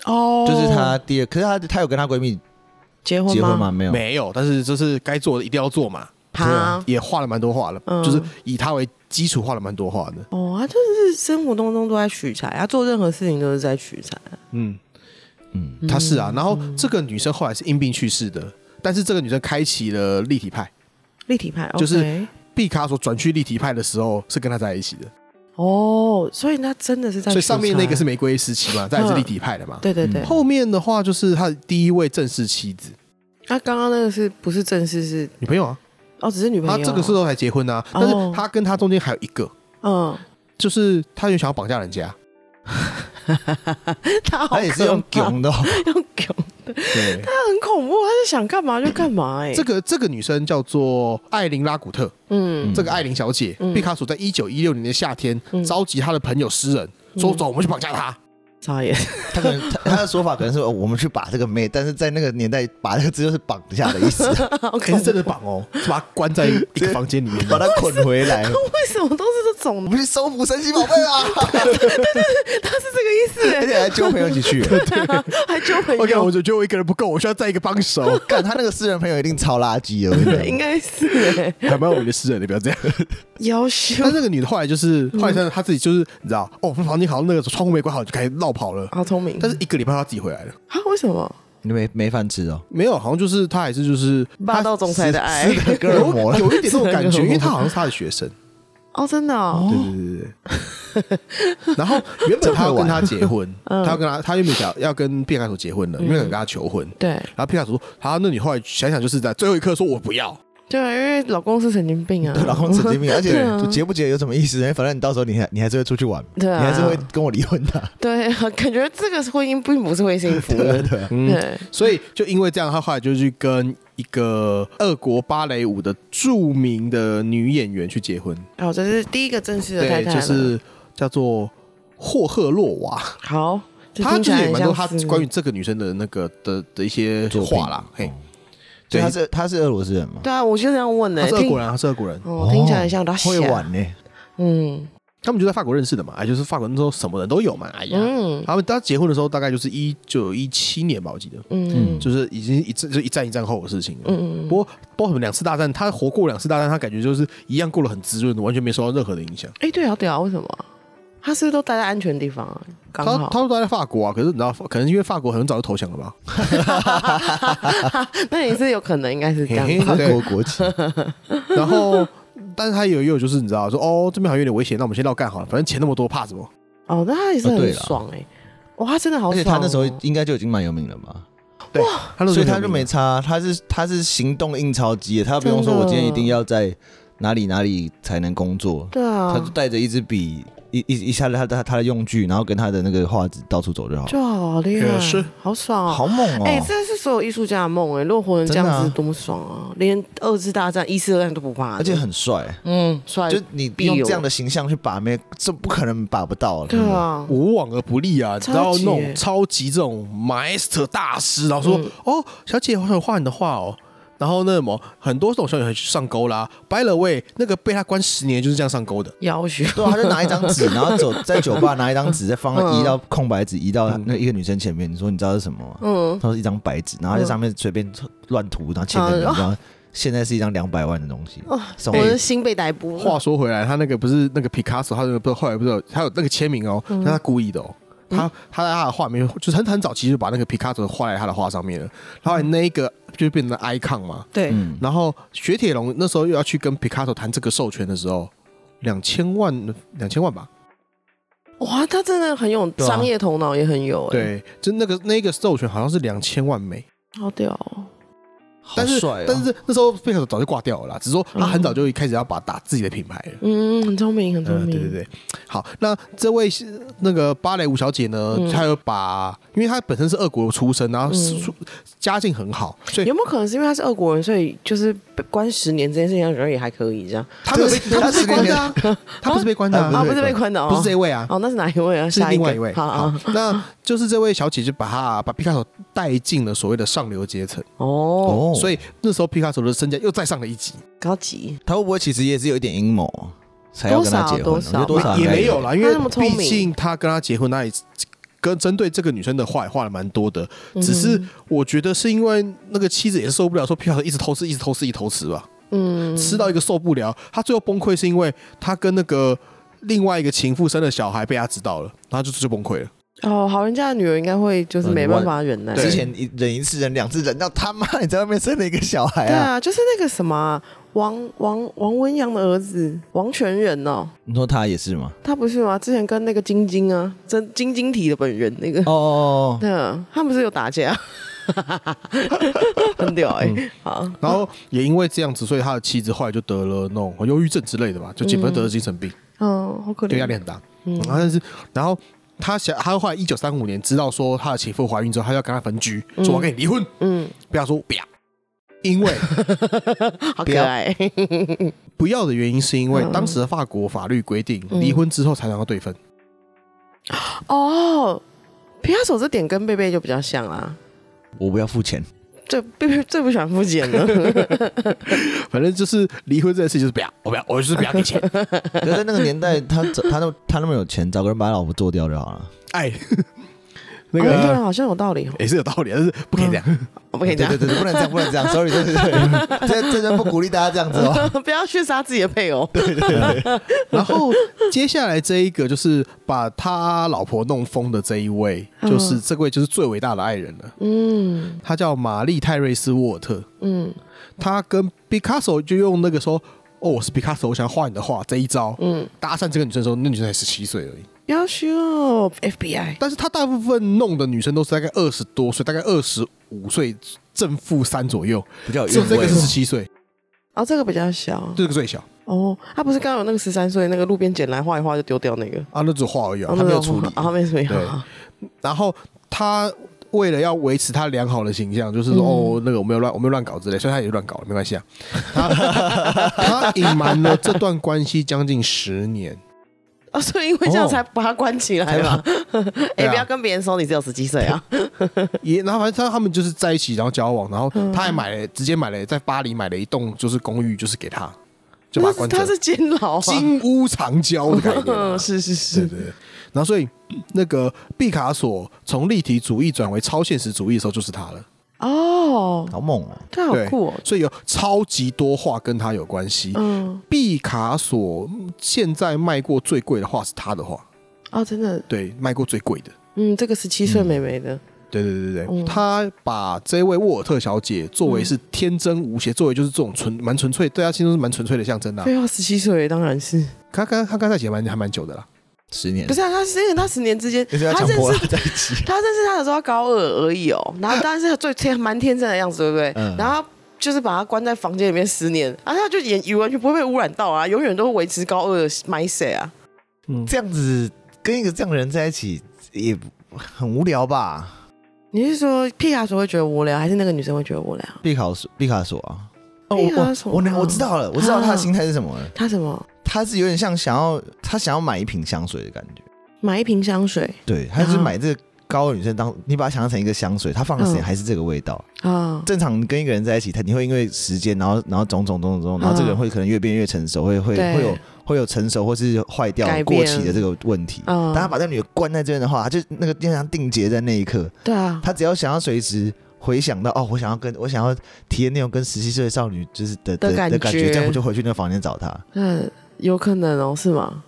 哦，就是她第二，可是她她有跟她閨蜜。結婚，結婚嗎？沒有，沒有。但是就是該做的，一定要做嘛。他也畫了蠻多畫了、嗯，就是以他為基礎畫了蠻多畫的、嗯。哦，他就是生活當中都在取材，他做任何事情都是在取材。嗯嗯，他是啊。然後這個女生後來是因病去世的，嗯、但是這個女生開啟了立體派。立體派哦，就是畢卡索轉去立體派的時候是跟他在一起的。哦，所以他真的是在、欸，所以上面那個是玫瑰時期嘛，再來是立體派的嘛。嗯、對對對、嗯。後面的話就是他的第一位正式妻子，那剛剛那個是不是正式是女朋友啊？哦，只是女朋友、啊。他這個時候才結婚啊、哦。但是他跟他中間還有一個，嗯，就是他就想要綁架人家 他、啊，他也是用揪的、哦啊，用揪。對，他很恐怖，他是想幹嘛就幹嘛哎、欸。這個這個女生叫做艾琳·拉古特，嗯，這個艾琳小姐，畢、嗯、卡索在一九一六年的夏天、嗯、召集他的朋友詩人，說：“走，我們去綁架她。嗯”嗯他也，他可能他他的說法可能是、哦、我們去把這個妹，但是在那個年代，把這個字就是綁一下的意思， okay, 欸、是這個綁哦，是把他關在一個房間裡面， 把他捆回來。為什麼，為什麼都是這種呢？我們去收服神奇寶貝啊！對對對，他是這個意思。而且還揪朋友一起去對，啊，還揪朋友。 OK，我就覺得我一個人不夠，我需要再一個幫手。幹，他那個私人朋友一定超垃圾哦，對不對？應該是哎，還蠻我們的私人，的不要這樣。優 秀。但那個女的後來就是，後來她自己就是，嗯、你知道哦，我們房間好像那個窗戶沒關好，就開始鬧。跑了，好聰明！但是一個禮拜他自己回來了。啊？為什麼？你沒沒飯吃哦、喔。沒有，好像就是他還是就是霸道總裁的愛的哥 的哥，有一點這種感覺， 因為他好像是他的學生哦，真的哦，對對對對 然後原本他要跟他結婚，他要跟他，他原本想要，要跟畢卡索結婚了，因為想跟他求婚。對，然後畢卡索說：“好，那你後來想想，就是在最後一刻說我不要。”對啊，因為老公是神經病啊。對，老公是神經病，而且結 、啊、不結有什麼意思呢？反正你到時候你還你還是會出去玩，對啊、你還是會跟我離婚的，啊。對、啊，感覺這個婚姻，並不是會幸福 對啊對，啊對，啊對，所以就因為這樣，他後來就去跟一個俄國芭蕾舞的著名的女演員去結婚。哦，這是第一個正式的太太對，就是叫做霍赫洛娃。好，他就，就是也蠻多他關於這個女生的那個的的一些話啦，嘿。對，他是他是俄羅斯人嘛。對啊，我就是這樣問呢，欸。他是俄國人，他是俄國人，我聽、哦，聽起來很像他。會玩呢，嗯，他們就在法國認識的嘛，哎，就是法國那時候什麼人都有嘛，哎呀，他、嗯、們他結婚的時候大概就是一九一七年吧，我記得，嗯、嗯，就是已經一次就一戰一戰後的事情了，嗯嗯，不過包括兩次大戰，他活過兩次大戰，他感覺就是一樣過得很滋潤的，完全沒受到任何的影響。哎、欸，對啊，對啊，為什麼？他是不是都待在安全地方啊？他他都待在法國啊。可是你知道，可能因為法國很早就投降了吧？ 那也是有可能應，應該是講法國國籍。 然後，但是他也有就是你知道，說哦這邊好像有點危險，那我們先繞幹好了，反正錢那麼多，怕什麼？哦，那他也是很爽哎、欸啊！哇，真的好、喔，而且他那時候應該就已經蠻有名了吧？哇對，所以他就沒差，他是他是行動印鈔機，他不用說我今天一定要在哪裡哪裡才能工作，對啊，他就帶着一支筆。一一下他的他的用具，然後跟他的那個畫紙到處走就好，就好厲害，嗯，好爽，啊，好猛哦，喔！哎、欸，這是所有藝術家的夢哎、欸，如果活人這樣子，啊，多麼爽啊，連二次大戰，一戰二戰都不怕，而且很帥，嗯，帥。就你用這樣的形象去把妹，這不可能把不到了，啊啊，無往而不利啊！然後弄超級這種 master 大師，然後說，嗯，哦，小姐，我想畫你的畫哦。然後那什麼，很多種小女孩去上鈎啦、啊。By the way，那個被他關十年就是這樣上鈎的。要求、啊、他就拿一張紙，然後走在酒吧拿一張紙，再放、嗯、移到空白紙，移到那一個女生前面。你、嗯、說你知道是什麼嗎？嗯，他說一張白紙，然後在上面隨便亂塗，然後簽名。然、嗯、後現在是一張兩百萬的東西。啊、哦，哦我的心被逮捕。話說回來，他那個不是那個畢卡索，他那個不後來不是有他有那個簽名哦，嗯、他故意的哦。嗯、他他在他的畫面，就是很很早期就把那個畢卡索畫在他的畫上面了。後來那一個。嗯就變成了 icon 嘛，對。嗯、然後雪鐵龍那時候又要去跟 Picasso 談這個授權的時候，兩千萬，兩千萬吧。哇，他真的很有、啊、商業頭腦，也很有哎、欸。對，就那個那個授權好像是兩千萬枚，好屌、喔。但是、啊、但是那時候皮卡丘早就掛掉了啦，只是說他很早就開始要把打自己的品牌。嗯，很聰明，很聰明、呃。對對對，好，那這位是那個芭蕾舞小姐呢、嗯？她有把，因為她本身是俄國出身，然後是、嗯、家境很好，所以有沒有可能是因為她是俄國人，所以就是被關十年這件事情，反而也還可以這樣？她不、啊 不啊啊不啊呃、不是被關的，她不是被關的啊，不是被關的哦，不是這位啊，哦，那是哪一位啊？是另外一位。一好啊、好， 那就是這位小姐就把她把皮卡丘。帶進了所謂的上流階層哦，所以那時候畢卡索的身價又再上了一級，高級。他會不會其實也只有一點陰謀，才要跟他結婚？多少沒，也沒有啦，因為畢竟他跟他結婚，那裡跟針對這個女生的話也畫了蠻多的。只是我覺得是因為那個妻子也是受不了，說畢卡索一直偷吃，一直偷吃，一直偷吃吧。嗯，吃到一個受不了，他最後崩潰是因為他跟那個另外一個情婦生的小孩被他知道了，他就就崩潰了。哦，好人家的女兒應該會就是沒辦法忍耐。呃、之前忍一,一次，忍兩次，忍到他媽你在外面生了一個小孩，啊。對啊，就是那個什麼、啊、王王王文洋的兒子王全仁哦。你說他也是嗎？他不是嗎？之前跟那個晶晶啊，真晶晶體的本人那個。哦哦，哦，哦，哦。對啊，他們不是有打架，啊？ 很屌對哎，啊。 好，嗯。然後也因為這樣子，所以他的妻子後來就得了那種憂鬱症之類的吧，就基本上得了精神病。哦，嗯，好可憐。對，壓力很大。嗯。然後、嗯、但是，然後。他想，他後來一九三五年，知道說他的情婦懷孕之後，他就要跟他分居、嗯，說我跟你離婚。嗯，不要說不要，因為 好可愛不，不要的原因是因為當時的法國法律規定，離婚之後才能夠對分、嗯嗯。哦，畢卡索這點跟貝貝就比較像啦。我不要付錢。最最最不喜歡付錢了， 反正就是離婚這件事情，就是不要，我不要，我就是不要給錢。 可是在那個年代，他他，他那麼，他那麼有錢，找個人把他老婆做掉就好了。哎。 這、那個、哦、對好像有道理，也、欸、是有道理，但、就是不可以這樣、哦，不可以這樣、嗯，對對，對不能這樣，不能這樣 ，sorry，對對對，這 這不鼓勵大家這樣子哦， 不要去殺自己的配偶。對對對。然後接下來這一個就是把他老婆弄瘋的這一位，就是 這位就是最偉大的愛人了。嗯，他叫瑪麗泰瑞斯沃特。嗯，他跟畢卡索就用那個說，哦，我是畢卡索，我想要畫你的畫，這一招。嗯，搭訕這個女生的時候，那女生才十七歲而已。要修、sure. FBI，但是他大部分弄的女生都是大概二十多歲，大概二十五歲，正負三左右，比較最這、那個是十七歲，然、哦、後、啊、這個比較小，這個最小。哦，他不是剛剛有那個十三歲，那個路邊撿來畫一畫就丟掉那個？啊，那只畫而,、啊啊、而已啊，他沒有處理，啊，沒，怎然後他為了要維持他良好的形象，嗯、就是說哦，那個我沒有亂，我沒有亂搞之類，所以他也亂搞了，沒關係啊。他隱瞞 了這段關係將近十年。啊、所以因為這樣才把他關起來了，哎、哦啊啊 欸，不要跟別人說你只有十幾歲啊，啊！也，然後反正他他們就是在一起，然後交往，然後他還買了，了、嗯，直接買了在巴黎買了一棟就是公寓，就是給他，就把他關。是他是監牢、啊，金屋藏嬌的感覺，嗯，是是是，對對，對。然後所以那個畢卡索從立體主義轉為超現實主義的時候，就是他了。哦、oh，好猛哦、喔！他好酷哦、喔！所以有超級多畫跟他有關係。嗯，畢卡索現在賣過最貴的畫是他的畫。哦，真的？對，賣過最貴的。嗯，這個十七歲妹妹的、嗯。對對對對、嗯、他把這位沃爾特小姐作為是天真無邪，嗯、作為就是這種純蠻純粹，對他心中是蠻純粹的象徵的。對啊，十七歲，當然是。他剛他剛才寫蠻還蠻久的啦。十年不是，啊，他是因為他十年之間，他認識 他認識他的時候，他高二而已哦、喔。然後當然是他最天蠻、啊、天真的樣子，對不對、嗯？然後就是把他關在房間裡面十年，啊，他就也完全不會被污染到啊，永遠都會維持高二的 myself 啊。嗯，這樣子跟一個這樣的人在一起，也很無聊吧？你是說畢卡索會覺得無聊，還是那個女生會覺得無聊？畢卡索，畢卡索啊！哦，我我，我，我知道了，我知道他的心態是什麼了、啊。他什麼？他是有點像想要，他想要買一瓶香水的感覺，買一瓶香水，對，他是買這個高的女生當，當、uh. 你把他想象成一個香水，他放的時間、uh. 還是這個味道啊？Uh. 正常跟一個人在一起，他你會因為時間，然後然後種種種種然後這個人會可能越變越成熟，uh. 會會會有會有成熟或是壞掉、過期的這個問題。當他、uh. 把那女的關在這邊的話，他就那個經常定格在那一刻。對啊，他只要想要隨時回想到，uh. 哦，我想要跟我想要體驗那種跟十七歲的少女就是的,的,的,的,的感,覺感覺，這樣我就回去那個房間找他。嗯、uh.。有可能哦、喔，是嗎？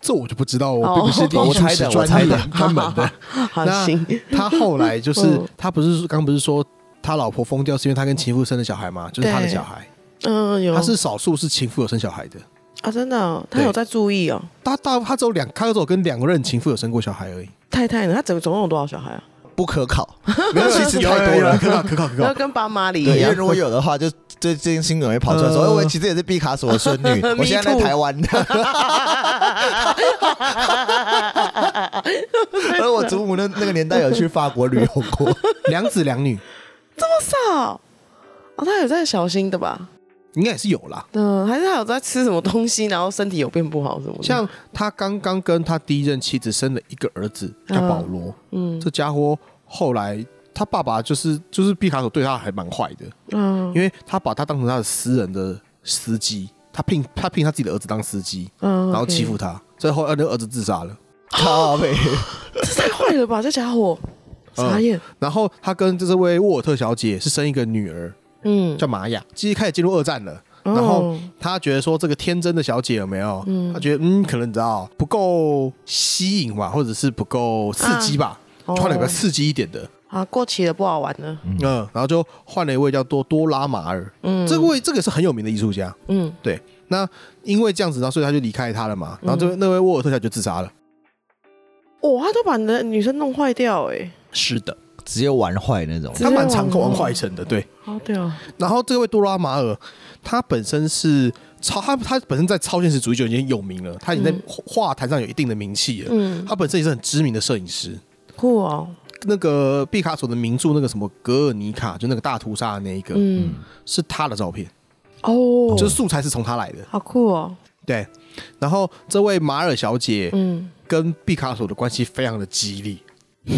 這我就不知道哦，我不是猜的、哦、我猜，我猜他他的，專門的。好行。他後來就是，他不是剛不是說他老婆瘋掉是因為他跟情婦生的小孩嗎？就是他的小孩。嗯，有。他是少數是情婦有、哦、有生小孩的啊，真的、啊。他有在注意哦、喔。他大他只有兩，他只有跟兩個人情婦有生過小孩而已。太太呢？他總總共有多少小孩啊？不可考， 沒有，其實太多了， 啊、可考可考可考。 跟爸媽離一如果有的話就。最近新聞也跑出來，說、呃，我以為其實也是畢卡索的孫女、啊呵呵，我現在在台灣的。 而我祖母那那個年代有去法國旅遊過，兩、呃、子兩女，這麼少？哦，他有在小心的吧？應該也是有啦。嗯、呃，還是他有在吃什麼東西，然後身體有變不好什麼。像他剛剛跟他第一任妻子生了一個兒子叫保羅、呃，嗯，這家伙後來。他爸爸就是就是畢卡索對他還蠻壞的，嗯，因為他把他當成他的私人的司機，他聘他聘他自己的兒子當司機，嗯，然後欺負他、嗯 okay，最後那個兒子自殺了，好、啊、悲，oh, okay、 這太壞了吧，這家伙、嗯、傻眼。然後他跟這位沃爾特小姐是生一個女兒，嗯，叫瑪雅。其實開始進入二戰了、嗯，然後他覺得說這個天真的小姐有沒有，嗯，他覺得嗯可能你知道不夠吸引吧，或者是不夠刺激吧，就換了個刺激一點的。啊，過期了不好玩了。嗯，嗯然後就換了一位叫多多拉馬爾、嗯，這位這個是很有名的藝術家。嗯，對。那因為這樣子，然後所以他就離開他了嘛。嗯、然後這那位沃爾特就自殺了。哇、哦，他都把那女生弄壞掉哎、欸。是的，直接玩壞那種。他蠻殘酷玩壞成的，對。好屌，然後這位多拉馬爾，他本身是超他他本身在超現實主義就已經有名了，嗯，他已經在畫壇上有一定的名氣了。嗯。他本身也是很知名的攝影師。酷哦。那個畢卡索的名著，那個什麼《格爾尼卡》，就那個大屠殺的那一個，嗯，是他的照片，哦，就是素材是從他來的，好酷哦。對，然後這位馬爾小姐，嗯，跟畢卡索的關係非常的激烈，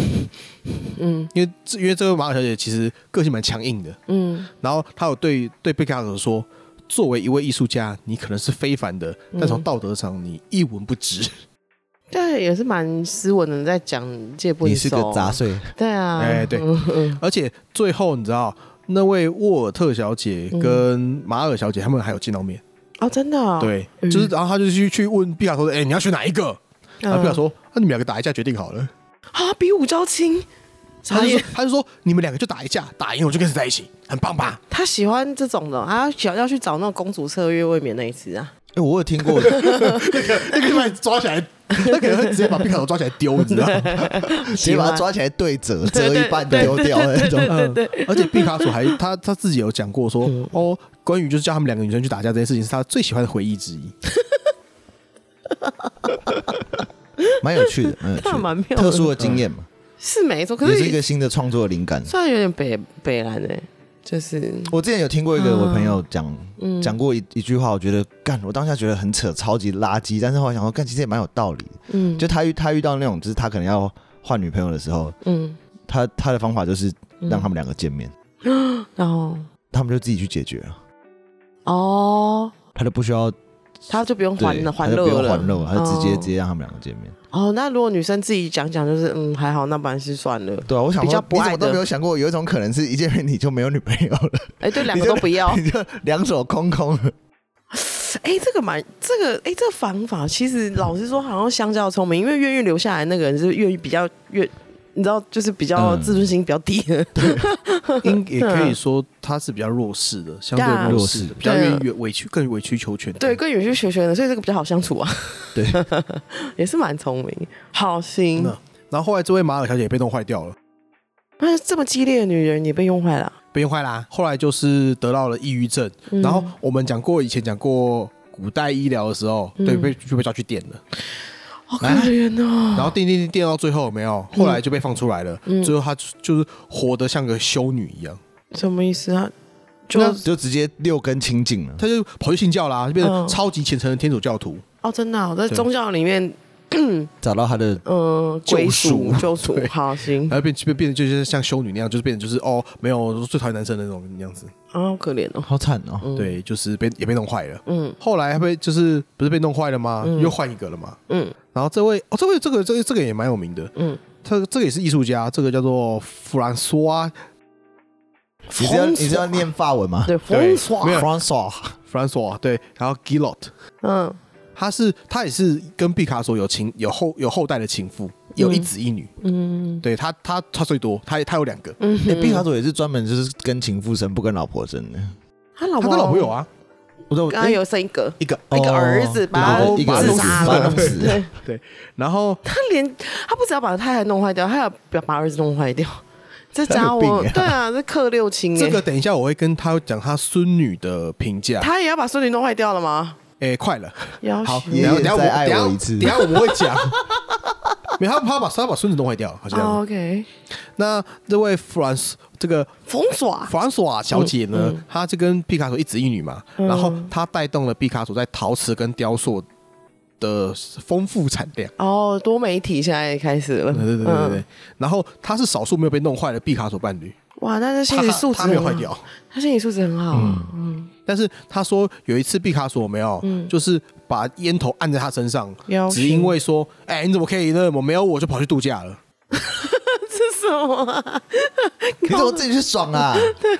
嗯，因為因為這位馬爾小姐其實個性蠻強硬的，嗯，然後她有對對畢卡索說，作為一位藝術家，你可能是非凡的，但從道德上，你一文不值。對，也是蠻斯文的，在講借不收。你是個雜碎。 對啊。哎，對， 而且最後你知道，那位沃爾特小姐跟馬爾小姐，他們還有見到面，嗯，哦，真的，哦。對，嗯，就是然後他就去去問畢卡索說：“哎，你要去哪一個？”啊，畢卡索說，啊：“那你們兩個打一架決定好了。”啊，比武招親。他就他就說：“你們兩個就打一架，打贏我就跟誰在一起，很棒吧？”他喜歡這種的，他想要去找那種公主策略，未免那一次啊。哎，我有聽過。那個，那個，抓起來。 他可能會直接把畢卡索抓起來丟，你知道嗎？ 直接把它抓起來對折，折一半丟掉那種。對對對，對，對，對、 嗯，而且畢卡索還他他自己有講過說，哦，關於就是叫他們兩個女生去打架這件事情，是他最喜歡的回憶之一。蠻 有趣的，嗯，蠻妙，特殊的經驗嘛、嗯，是沒錯。也是一個新的創作靈感，雖然有點悲悲哀的。就是我之前有聽過一個我朋友講，講、啊嗯、過一一句話，我覺得幹我當下覺得很扯，超級垃圾。但是後來想說，幹其實也蠻有道理。嗯，就他遇他遇到那種，就是他可能要換女朋友的時候，嗯，他他的方法就是讓他們兩個見面，然、嗯、後他們就自己去解決了。哦、嗯，他就不需要。他就不用緩還熱了，他直接、嗯、直接讓他們兩個見面。哦，那如果女生自己講講，就是嗯還好，那本來是算了。對啊，我想比較不、博愛。我都沒有想過，有一種可能是一見面你就沒有女朋友了。哎、欸，對，兩個都不要，你就兩手空空了。哎、欸，這個蠻，這個哎、欸，這個方法其實老實說好像相較聰明，因為越獄留下來那個人是越獄比較越。越你知道，就是比較自尊心比較低的、嗯， 對，應也可以說她是比較弱勢的， 相對弱勢，的，yeah, 比較願意委曲，更委曲求全的，對，更委曲求全的，所以這個比較好相處啊，對， 也是蠻聰明，好心。然後後來，這位馬爾小姐也被弄壞掉了。但是這麼激烈的女人，也被用壞了、啊，被用壞了、啊。後來就是得到了抑鬱症、嗯。然後我們講過，以前講過古代醫療的時候，對，被、嗯、就被抓去電了。喔、來，人吶，然後電電電電到最後有沒有、嗯，後來就被放出來了。嗯、最後他就，就是活得像個修女一樣，什麼意思啊？就就直接六根清淨了，他就跑去信教啦，就、嗯、變成超級虔誠的天主教徒。哦，真的、啊，在宗教裡面。找到他的呃，救贖，呃、救贖好行，然後變變變就是像修女那樣，就是變成就是哦，沒有最討厭男生的那種樣子啊，好可憐哦，好慘哦、嗯，對，就是被也被弄壞了，嗯，後來被就是不是被弄壞了嗎？嗯、又換一個了嘛，嗯，然後這位哦，這位這個這個這個也蠻有名的，嗯，他這個也是藝術家，這個叫做 François，啊。你是要你是要念法文嗎？對，François，François，François，François, 對，然後 Gilot，嗯。他是他也是跟畢卡索有情有後有後代的情婦，嗯，有一子一女。嗯，對他他他最多他他有兩個。嗯，欸、畢卡索也是專門就是跟情婦生，不跟老婆生的，嗯。他老婆有啊？不是我說我，剛、欸、剛有生一個，一個、哦、一個兒子把一個兒子弄死，對對。然後他連他不只要把太太弄壞掉，還要把兒子弄壞掉。這傢伙有、欸啊，對啊，這克六親、欸。這個等一下我會跟他講他孫女的評價。他也要把孫女弄壞掉了嗎？哎、欸，快了，好，你要等一下，一次等一下 等下我們會講，沒他怕把他把孫子弄壞掉，好像、哦。OK，那這位 f r a n s 這個 Françoise Françoise、欸、小姐呢，她、嗯嗯、就跟畢卡索一子一女嘛，嗯、然後她帶動了畢卡索在陶瓷跟雕塑的豐富產量。哦，多媒體現在開始了，對對對對、嗯、然後她是少數沒有被弄壞的畢卡索伴侶。哇，那他心理素質？他沒有壞掉，他心理素質很好。嗯。嗯但是他說有一次畢卡索有沒有、嗯,就是把煙頭按在他身上，只因為說，哎、欸，你怎麼可以那麼沒有我就跑去度假了。 你怎麼自己去爽啊？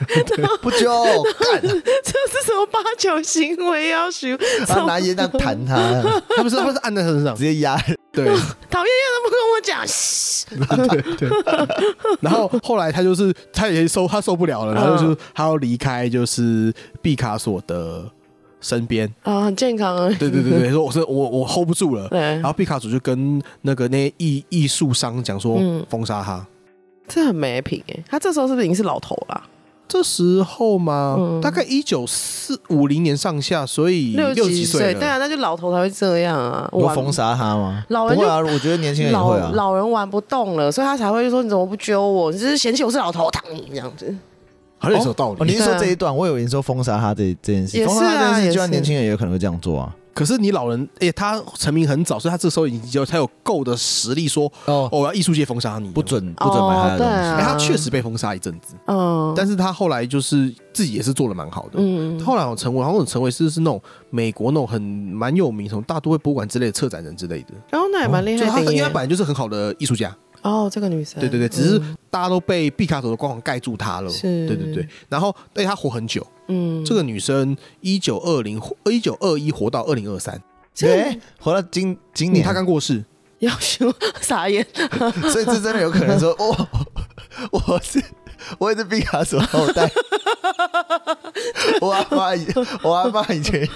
不就幹、啊？這是什麼八九行為要求？然後他拿煙彈彈他？ 他不是， 不是按在身上直接壓。對，討、啊、厭，他不跟我講、 啊。對，對 然後後來他就是他也受他受不了了，uh -oh. 然後就就他要離開，就是畢卡索的身邊啊，uh, 很健康而已。對對對對，說我是我我 hold 不住了。然後畢卡索就跟那個那些藝藝術商講說封殺他。嗯。這很沒品，他這時候是不是已經是老頭了、啊？這時候嗎？嗯、大概一九四五零年上下，所以六七歲、歲？對啊，那就老頭才會這樣啊！要封殺他嗎？老人會啊？我覺得年輕人會、啊、老老人玩不動了，所以他才會說：“你怎麼不揪我？你就是嫌棄我是老頭，躺你這樣子。啊”還是有道理。您、哦、說這一段，啊、我以為您說封殺他這這件事情、啊，封殺他這件事情，我覺得年輕人也有可能會這樣做啊。可是你老人，哎、欸，他成名很早，所以他這時候已經就他有夠的實力說，oh, 哦，我要藝術界封殺你有沒有，不准不准買他的東西。Oh, 啊欸、他確實被封殺一陣子，oh. 但是他後來就是自己也是做的蠻好的，嗯、oh.，後來我成為，然後我成為是不是那種美國那種很蠻有名，什麼大都會博物館之類的策展人之類的，然、oh, 後那也蠻厲害的，哦、他因為本來就是很好的藝術家。哦、oh，這個女生對對對、嗯，只是大家都被畢卡索的光環蓋住她了，是，對對對。然後，哎、欸，她活很久，嗯，這個女生一九二零一九二一活到二零二三，對、欸，活到今今年，她、啊、剛過世，要死，傻眼 所以這真的有可能說，哦，我是我也是畢卡索後代， 我阿媽以我阿媽以前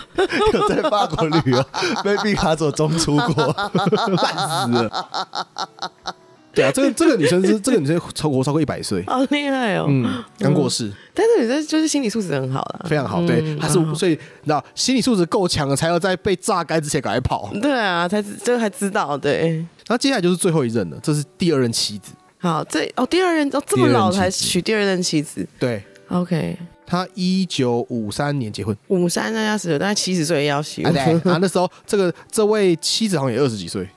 有在法國旅遊，被畢卡索中出過，爛 死了。對啊，這個這個女生是這個女生活超過超過一百歲，好厲害哦，剛過世、嗯。但是女生就是心理素質很好了，非常好，對，她是五歲，你知道心理素質夠強了，才要在被榨乾之前趕快跑。對啊，才知這個、還知道對。那接下來就是最後一任了，這是第二任妻子。好，這哦第二任哦這麼老才娶第二任妻子。妻子對，OK。他一九五三年結婚，五十三加十九大概七十歲也要娶。啊對 啊，那時候這個這位妻子好像也二十幾歲。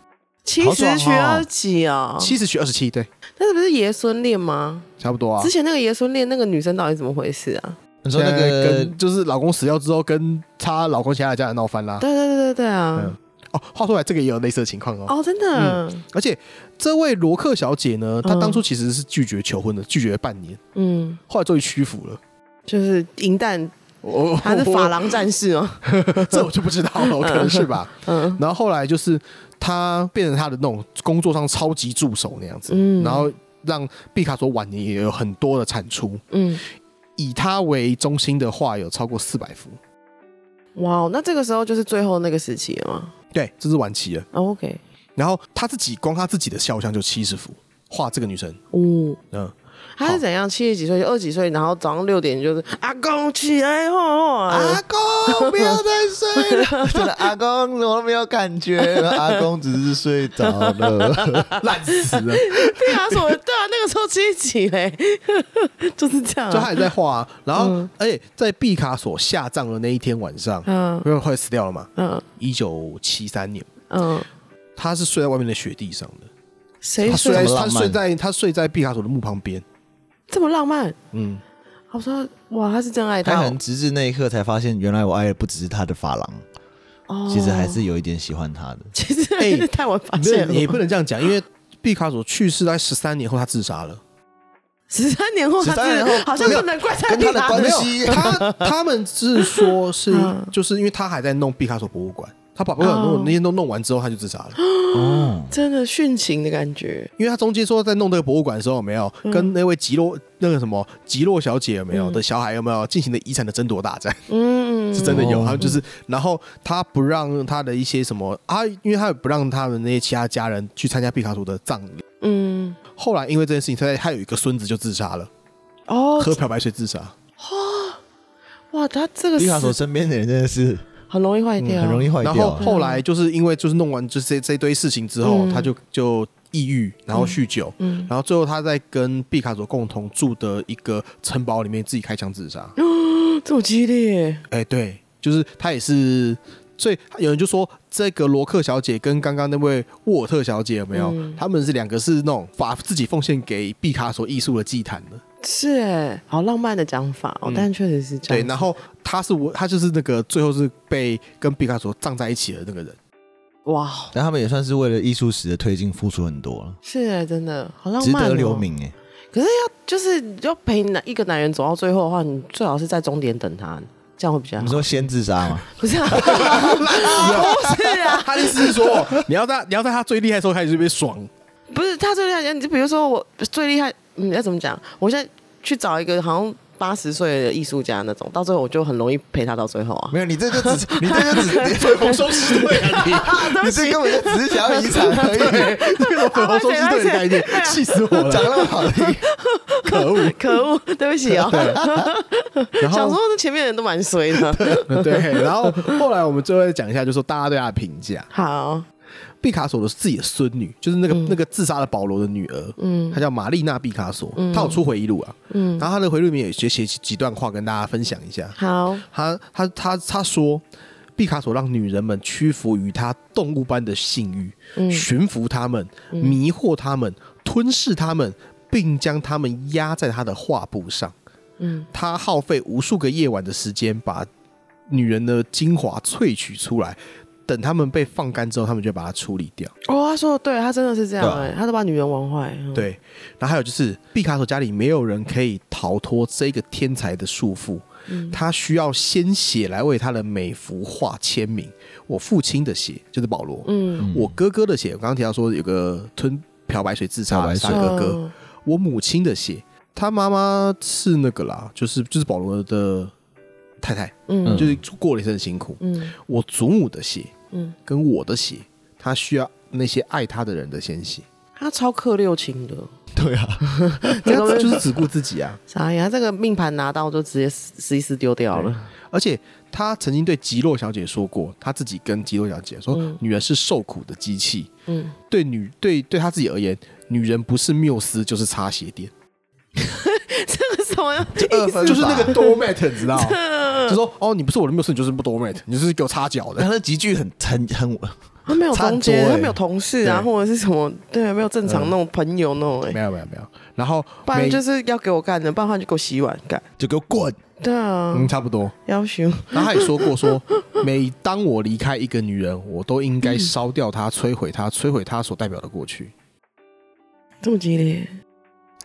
七十娶二十幾、喔、啊，啊？七十娶二十七，對。但是不是爺孫戀嗎？差不多啊。之前那個爺孫戀，那個女生到底怎麼回事啊？你說那個跟、呃、就是老公死掉之後，跟她老公其他的家人鬧翻啦？對對對對對啊！嗯、哦，話說來，這個也有類似的情況哦。哦，真的、啊嗯。而且這位羅克小姐呢，她當初其實是拒絕求婚的，嗯、拒絕了半年。嗯。後來終於屈服了。就是銀彈，哦。還是法郎戰士哦。 這我就不知道了、哦， 可能是吧。嗯。然後後來就是。他變成他的那種工作上超級助手那樣子、嗯，然後讓畢卡索晚年也有很多的產出。嗯、以他為中心的畫有超過四百幅。哇、wow，那這個時候就是最後那個時期了嗎？對，這是晚期了。Oh, OK。然後他自己光他自己的肖像就七十幅，畫這個女生哦，嗯。他是怎樣？七十幾歲，就二十幾歲，然後早上六點就是阿公起來吼，阿公,晃晃晃阿公不要再睡了， 真的阿公我都沒有感覺， 阿公只是睡着了，爛 死了。畢卡索，對啊，那個時候七十幾嘞， 就是這樣、啊。就他也在畫、啊，然後，哎、嗯欸，在畢卡索下葬的那一天晚上，嗯，因為快死掉了嘛，嗯，一九七三年，嗯，他是睡在外面的雪地上的，誰睡,他睡,在他睡在？他睡在，他睡在畢卡索的墓旁邊。這麼浪漫，嗯，我說哇，他是真愛他，哦。很直至那一刻才發現，原來我愛的不只是他的髮廊，哦，其實還是有一點喜歡他的。其實哎，太晚發現了，欸、你也不能這樣講，因為畢卡索去世大概十三年後，他自殺了。十三年後，他自殺了。好像不能怪他，跟他的關係，他他們只是說是，就是因為他還在弄畢卡索博物館。他把那個館那些都弄完之後，他就自殺了。哦，真的殉情的感覺。因為他中間說在弄這個博物館的時候，沒有、嗯、跟那位吉洛那個什麼吉洛小姐有沒有的小孩有沒有進、嗯、行了遺產的爭奪大戰？嗯， 是真的有。然、oh. 後就是，然後他不讓他的一些什麼啊，因為他不讓他們那些其他家人去參加畢卡索的葬禮。嗯。後來因為這件事情，他在他有一個孫子就自殺了。哦、oh.，喝漂白水自殺。Oh. 哇，他這個畢卡索身邊的人真的是。很容易壞掉、嗯，很容易壞掉。然後後來就是因為就是弄完這這這堆事情之後，嗯、他就就抑鬱，然後酗酒、嗯嗯，然後最後他在跟畢卡索共同住的一個城堡裡面自己開槍自殺。哦，這麼激烈！哎、欸，對，就是他也是，所以有人就說這個羅克小姐跟剛剛那位沃特小姐有沒有？嗯、他們是兩個是那種把自己奉獻給畢卡索藝術的祭壇的。是哎、欸，好浪漫的講法哦，嗯、但確實是這樣。對，然後他是我，他就是那個最後是被跟畢卡索葬，葬在一起的那個人。哇、哦！但他們也算是為了藝術史的推進付出很多了。是哎、欸，真的好浪漫、哦、值得留名哎、欸。可是要就是要陪男一個男人走到最後的話，你最好是在終點等他，這樣會比較好。你說先自殺嗎？ 不是啊， 不是啊， 他就是說你要在你要在他最厲害的時候開始最爽。 不是他最厲害，你就比如說我最厲害。嗯，要怎麼講？我現在去找一個好像八十歲的藝術家那種，到最後我就很容易陪他到最後啊。沒有，你這就只是，你這就只是，最後收屍隊啊！你、啊，你這根本就只是想要遺產而已，可 以？你這種“紅收屍隊”啊、的概念，氣、啊、死我了！長那麼好的可惡，可惡！ 對不起哦。然後想說，這前面人都蠻衰的。對，然後後來我們最後再講一下，就是說大家對他的評價。好。畢卡索的自己的孫女，就是那個、嗯、那個自殺的保羅的女兒，嗯，她叫瑪麗娜·畢卡索，嗯、她有出回憶錄啊，嗯，然後她的回憶錄裡面也寫寫幾段話跟大家分享一下。好，她她她,她說，畢卡索讓女人們屈服於他動物般的性欲，嗯，馴服她們，迷惑她們、嗯，吞噬她們，並將她們壓在他的畫布上，嗯，他耗費無數個夜晚的時間，把女人的精華萃取出來。等他們被放乾之後，他們就會把它處理掉。哦，他說的對，他真的是這樣哎，欸，他都把女人玩壞、欸，嗯。對，然後還有就是畢卡索家裡沒有人可以逃脫這個天才的束縛、嗯，他需要鮮血來為他的每幅畫簽名。我父親的血就是保羅，嗯，我哥哥的血，我剛剛提到說有個吞漂白水自殺的哥哥，嗯、我母親的血，他媽媽是那個啦，就是就是保羅的。太太，嗯，就是過了一生辛苦，嗯，我祖母的血，嗯，跟我的血，他、嗯、需要那些愛他的人的鮮血，血，他超克六親的，對啊，他 就是只顧自己啊，哎 呀，這個命盤拿到就直接撕一撕丟掉了，而且他曾經對吉洛小姐說過，他自己跟吉洛小姐說，嗯、女人是受苦的機器，嗯，對女對對他自己而言，女人不是繆斯就是擦鞋墊。 就， 就，就是那個 domat，你知道嗎？他、 啊、說哦，你不是我的秘書，你就是不 domat，你就是給我擦腳的。他那幾句很很很，他沒有同，他、欸、沒有同事、啊，然後或者是什麼，對，沒有正常那種朋友那種、欸呃。沒有沒有沒有。然後，不然就是要給我幹的，不然他就給我洗碗幹，就給我滾。對啊，嗯，差不多要求。然後他也說過說， 每當我離開一個女人，我都應該燒掉她，嗯、摧毀她，摧毀她所代表的過去。這麼激烈。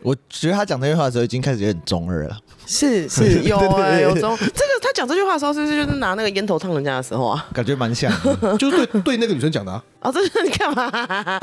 我覺得他講這句話的時候已經開始有點中二了是。是是，有哎、啊、有中。 這個他講這句話的時候，是不是就是拿那個煙頭燙人家的時候啊？感覺蠻像的，就是對對那個女生講的啊。哦、的啊，這是你幹嘛？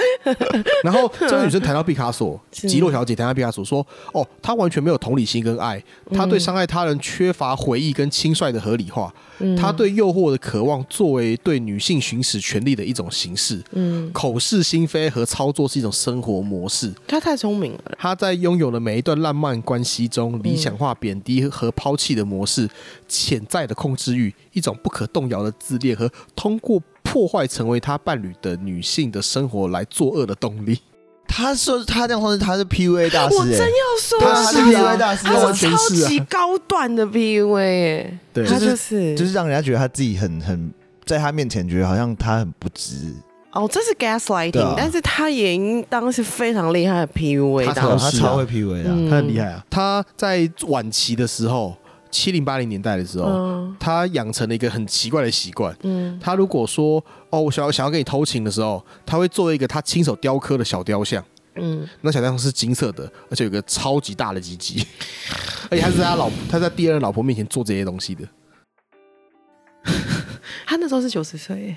然後這個女生談到畢卡索，吉洛小姐談到畢卡索，說：“哦，他完全沒有同理心跟愛，他對傷害他人缺乏回憶跟輕率的合理化，嗯、他對誘惑的渴望，作為對女性行使權利的一種形式，嗯，口是心非和操作是一種生活模式。她太聰明了，她在用。擁有的每一段浪漫關係中，理想化、貶低和拋棄的模式，潛在的控制欲，一種不可動搖的自戀，和通過破壞成為他伴侶的女性的生活來作惡的動力。他說：“他這樣說，他是 PUA 大師。”我真要說，他是 PUA 大師，他是超級高段的 PUA。對，他就是，就是讓人家覺得他自己很很，在他面前覺得好像他很不值。哦，這是 gaslighting、啊、但是他也應當是非常厲害的 PUA，他、會、啊啊、他超會 PUA、啊嗯、他很厲害啊！他在晚期的時候，七零八零年代的時候，嗯、他養成了一個很奇怪的習慣。嗯，他如果說哦，我想要我想要跟你偷情的時候，他會做一個他親手雕刻的小雕像。嗯，那小雕像是金色的，而且有個超級大的雞雞、嗯，而且他是在他老他在第二任老婆面前做這些東西的。嗯、 他那時候是九十歲。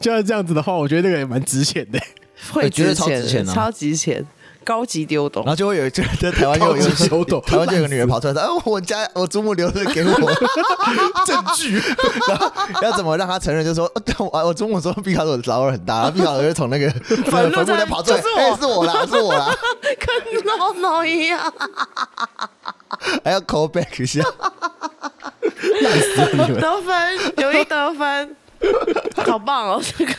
就像這樣子的話，我覺得那個也蠻值錢的，會值錢， 超值錢，高級丟董，然後就會有一個台灣又 丟台灣就有一個丟董，然後這個女人跑出來說：“啊，我家我祖母留著給我 證據。”然後要怎麼讓她承認？就說：“但 我、啊、我祖母說畢卡索的腦很大， 然後畢卡索就從那個墳墓那跑出來，又 路在 是、欸、是我啦是我啦 跟孬、no、孬 -No、一樣，還要 call back 一下，笑死你們， 得分，容易得分。 ” 好棒哦，這個是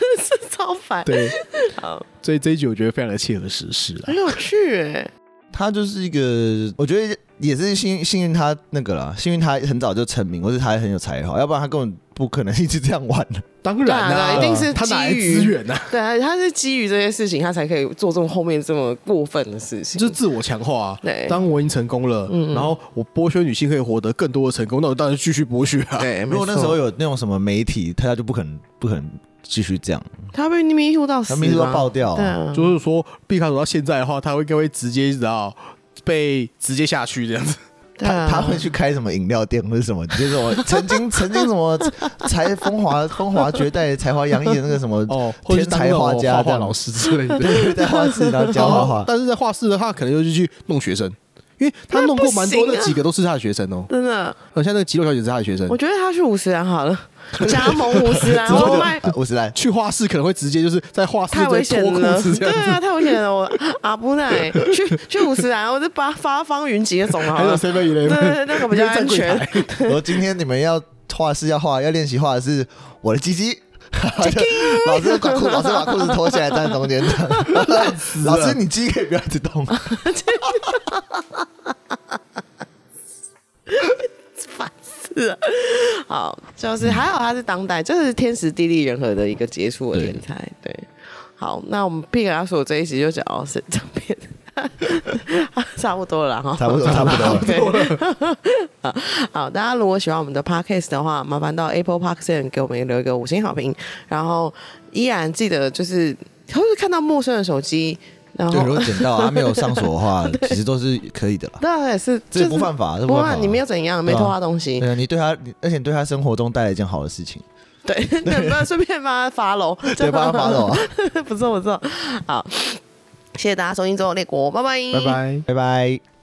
超凡。對，好，所以這一集我覺得非常的切合時事，很有趣，欸。誒他就是一個，我覺得。也是幸幸運他那個了，幸運他很早就成名，或者他很有才華，要不然他根本不可能一直這樣玩的。當然了、啊，然啊、然一定是基他基於資源吶、啊。對啊，他是基於這些事情，他才可以做這種後面這麼過分的事情。就是自我強化。對，當我已經成功了，嗯嗯，然後我剝削女性可以獲得更多的成功，那我當然繼續剝削啊。對，如果那時候有那種什麼媒體，他就不可能不可能繼續這樣。他被迷糊到死、啊，他迷糊到爆掉對、啊。就是說，畢卡索到現在的話，他會會直接你知道。被直接下去這樣子，他他會去開什麼飲料店或者什麼？就是我曾經 曾經什麼才風華風華絕代才華洋溢的那個什麼天才畫家哦，或者去當個畫畫老師之類的，對對對，在畫室然後教畫畫，但是在畫室的話，可能就是去弄學生。因為他弄過蠻多的、啊、幾個都是他的學生哦、喔，真的。很像那個肌肉小姐是他的學生。我覺得他去五十嵐好了，加盟五十嵐，然五十嵐去畫室，可能會直接就是在畫室脫褲子這樣子。對啊，太危險了！我阿布奈去去五十嵐，我就八八方雲集的總號，還有誰？對對，那個比較安全。就 我說今天你們要畫室要畫， 要練習畫的是我的雞雞。老師把褲，老師把褲子脫下來，站在中間，老師， 懶死了笑老師你雞可以不要在動 煩 死了。好，就是還好他是當代，就是天時地利人和的一個傑出的人才。對，好，那我們畢卡索這一集就講到這邊。 差不多了哈，差不多差不多了，差不多了 好。好，大家如果喜歡我們的 Podcast 的話，麻煩到 Apple Podcast 給我們留一個五星好評。然後依然記得，就是會不會看到陌生的手機，然後就如果撿到啊，沒有上鎖的話， 其實都是可以的啦。那也是，這、就是、不犯法，是不犯法，你沒有怎樣，沒偷他東西。對，你對他，而且你對他生活中帶來一件好的事情。對，順便幫他發嘍？對，幫他發嘍、啊。不錯不錯，好。謝謝大家收聽《週郵列國》，拜拜，拜拜，拜拜，拜拜。